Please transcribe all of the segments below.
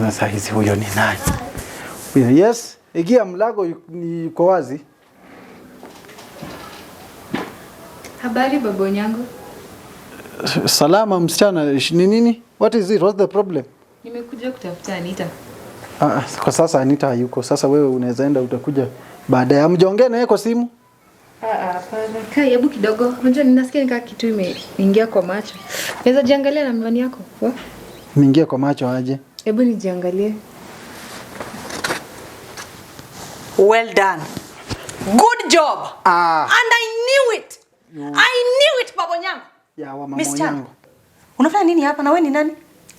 na saa hizi huyo ni nani? Yes, ikia mlango iko wazi. Habari babu yangu. Salama msichana, ni nini? What is it? What's the problem? Nimekuja kutafuta Anita. Ah, ah kwa sasa Anita hayuko. Sasa wewe unaweza enda, utakuja baadaye. Amjaongea naye kwa simu? Ah, ah, hapana. Kai, hebu kidogo. Unajua ninasikia nika kitu imeingia kwa macho. Naweza jiangalia na miwani yako? Nimeingia kwa macho aje? Hebu nijiangalie. Well done. Good job. Ah. And I knew it. Yeah. I knew it, babo nyangu. Ya wa mama yangu. Unafanya nini hapa na wewe ni nani?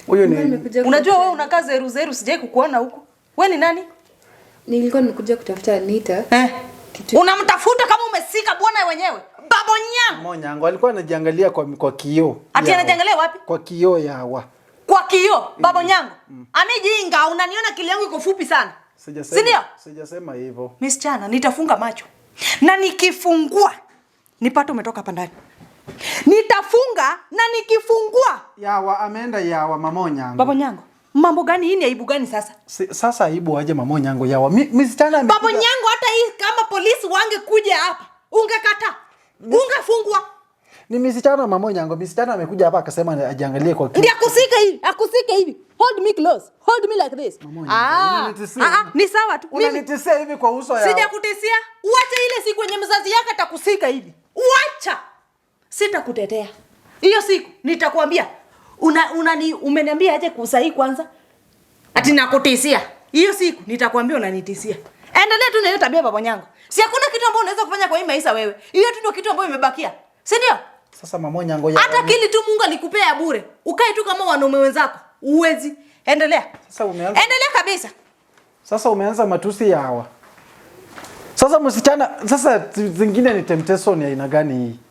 Huyo ni. Unajua wewe unakaa zeru zeru sijai kukuona huko. Wewe ni nani? Nilikuwa nimekuja kutafuta Anita. Eh. Unamtafuta kama umesika bwana wenyewe. Babo nyangu. Mama nyangu alikuwa anajiangalia kwa kwa kioo. Ati anajiangalia wapi? Kwa kioo ya hawa kwa kio babo mm-hmm. nyangu mm. Mm-hmm. Amijinga, unaniona kili yangu iko fupi sana, si ndio? Sijasema hivyo msichana, nitafunga macho na nikifungua nipate umetoka hapa ndani nitafunga na nikifungua yawa ameenda yawa mamo nyango babo nyango mambo gani hii ni aibu gani sasa si, sasa aibu waje mamo nyango yawa msichana babo nyango hata hii kama polisi wangekuja hapa ungekata ungefungwa ni misichana mama nyango, misichana amekuja hapa akasema ajiangalie kwa kitu. Ndio akusike hivi, akusike hivi. Hold me close. Hold me like this. Ah, ah. Ah, ni sawa tu. Mimi nitisia hivi kwa uso yao. Sijakutisia. Uache ile siku yenye mzazi yako atakusika hivi. Uacha. Sitakutetea. Hiyo siku nitakwambia. Una, una ni, umeniambia aje kusahi kwanza? Ati nakutisia. Hiyo siku nitakwambia unanitisia. Endelea tu na hiyo tabia baba nyango. Si hakuna kitu ambacho unaweza kufanya kwa hii maisha wewe. Hiyo tu ndio kitu ambacho imebakia sindio? Sasa mamonya, ngoja hata yaani. kili tu Mungu alikupea bure, ukae tu kama wanaume wenzako, uwezi endelea. Sasa umeanza, endelea kabisa. Sasa umeanza matusi ya hawa sasa msichana. Sasa zingine ni temptation ya aina gani hii?